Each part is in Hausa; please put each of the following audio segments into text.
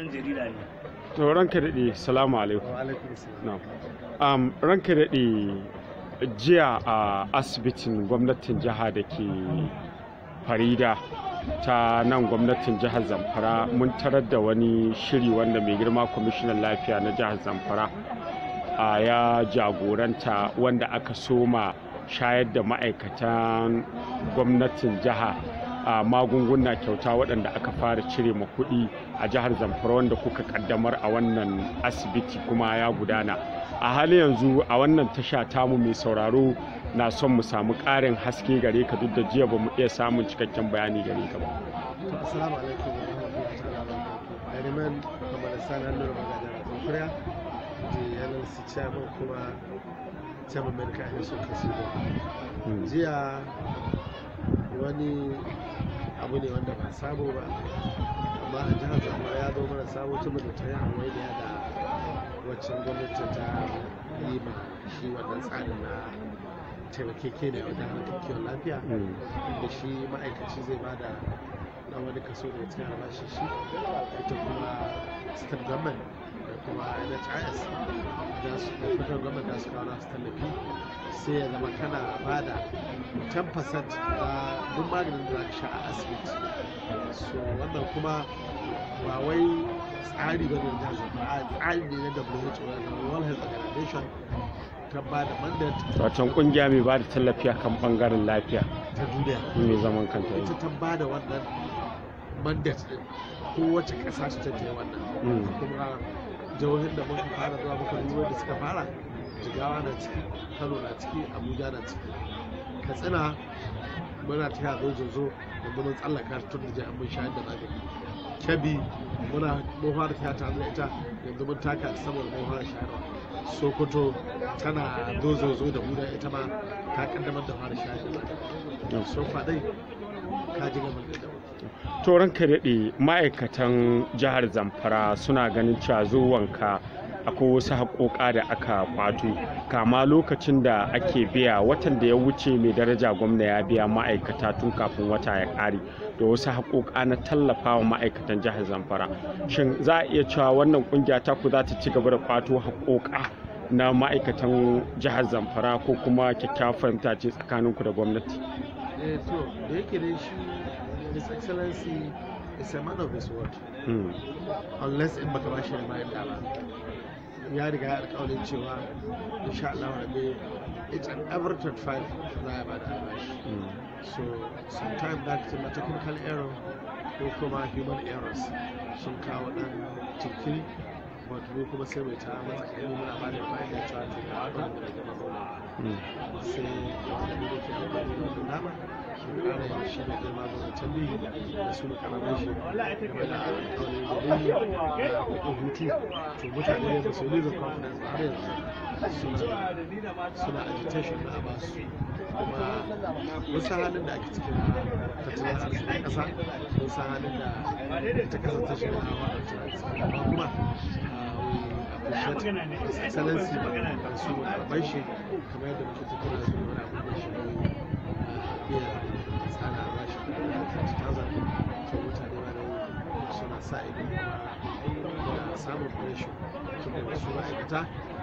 dan daɗe jiya a asibitin gwamnatin jiha da ke farida ta nan gwamnatin jihar zamfara mun tarar da wani shiri wanda mai girma kwamishinan lafiya na jihar zamfara a ya jagoranta wanda aka soma shayar da ma'aikatan gwamnatin jiha a magunguna kyauta waɗanda aka fara cire ma kuɗi a jihar zamfara wanda kuka kaddamar a wannan asibiti kuma ya gudana a hali yanzu a wannan tasha tamu mai sauraro na son mu samu ƙarin haske gare ka duk da jiya ba mu iya samun cikakken bayani gare ka ba hmm. jiya wani abu ne wanda ba sabo ba amma a jihar zamba ya zo mara sabo saboda ta yi hawaii da waccan gwamnati ta yi ma shi wannan tsarin na ne wajen harkar kiwon lafiya da shi ma'aikaci zai ba da na wani kaso da cikin bashi shi ita kuma state government da kuma nhis da su federal government da su kawo nasu tallafi sai ya zama kana ba da 10% na duk maganin da za sha a asibiti so wannan kuma ba wai tsari ba ne da tsari ne na who world health organization ta ba da mandate wacan kungiya mai ba da tallafi a kan bangaren lafiya ta duniya mai zaman kanta ita ta ba da wannan mandate din wacce ƙasa su ta je wannan hmm. kuma jihohin da muka fara zuwa muka da suka fara jigawa na ciki kano na ciki abuja na ciki katsina muna ta yazo zozo yanzu mun tsallaka tun da jami'an shahid da zagari kabi muna mun fara ta tare da ita yanzu mun taka saboda mun fara shayarwa sokoto tana zozozo da mu da ita ma ta kaddamar da fara shayarwa da zagari so fadai ka ji gaban da to ranka daɗe ma'aikatan jihar zamfara suna ganin cewa zuwanka akwai wasu haƙoƙa da aka kwato kama lokacin da ake biya watan da ya wuce mai daraja gwamna ya biya ma'aikata tun kafin wata ya ƙare da wasu haƙoƙa na tallafawa ma'aikatan jihar zamfara shin za a iya cewa wannan ƙungiya ta ku za ta ci gaba da kwato haƙoƙa na ma'aikatan jihar zamfara ko kuma kyakkyawar fahimta tsakanin tsakaninku da gwamnati eh, da shi his excellency is a man of his word mm. unless in bashi da ma'aikata ya riga alƙawarin cewa insha Allah rabbi it's an averted five za a bada albashi so sometimes that is technical error ko kuma human errors sun kawo dan cikin. wato kuma sai mai ta mata kai muna ba da bayan cewa ta ga wata da daga mazauna sai wani da ke da wannan nama shi kara yin shi da girma da wancan ne da su makaramin shi game da alƙawarin da hutu to mutane ba su yi da confidence ba har suna agitation na basu kuma mun halin da ake cikin tattalin arzikin ƙasa mun halin da ita ƙasar da shiga a amma kuma um, excellency ba su karɓar shi kamar yadda ta tattauna da wani abubuwan shi uh, iya tsara ba shi ta zaɓi to mutane ba da suna sa ido da samun freshin kuma wasu ma'aikata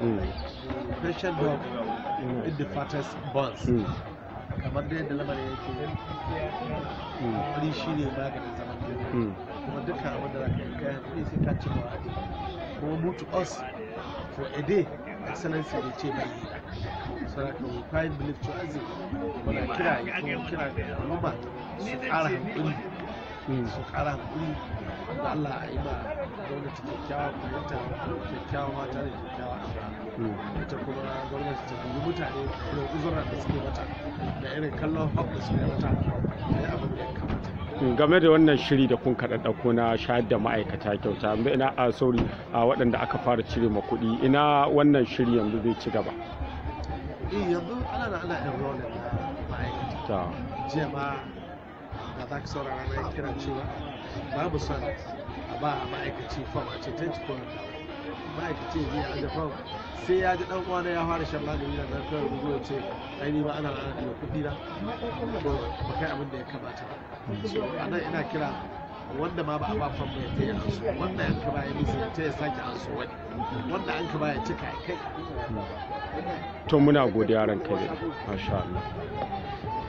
Mm. Special dog in the fattest bones. Mm. kamar da yadda lamarin yake wani mm. shi ne maganin zaman kuma duka abin da ka yi kayan kuɗi sai ka ci ma kuma mu to us for a day excellency bai ce bai yi saraka mu prime belief to azim muna kira ya kuma kira ga al'umma su ƙara hankuli su ƙara hankuli da Allah a yi ba gwamnati kyakkyawa fahimta kyakkyawa mata da kyakkyawa a hmm. ita kuma gwamnati ta dubi mutane da uzurar da suke mata da irin kallon haɓu su ne mata da ya abin da ya kamata hmm, game da wannan shiri da kun kaɗa ɗauko na shayar da ma'aikata kyauta ina a ah, sauri a ah, waɗanda aka fara cire ma kuɗi ina wannan shiri yanzu zai ci gaba eh, yanzu ana da ana enrolling ma'aikata jiya ma da za ka saurara na kira cewa babu son a ba a ma'aikaci fam a ce 24 ma'aikaci ya biya aje fam sai ya ji dan uwana ya fara shan magani da zarfin rubu ya ce ai ni ba ana la'ana da kuɗi na to ba kai abin da ya kamata ba anan ina kira wanda ma ba a ba fam ya taya an wanda an ka ba ya nisa ya taya sake an so wani wanda an ka ba ya cika ya kai hmm. to muna godiya ran kai masha Allah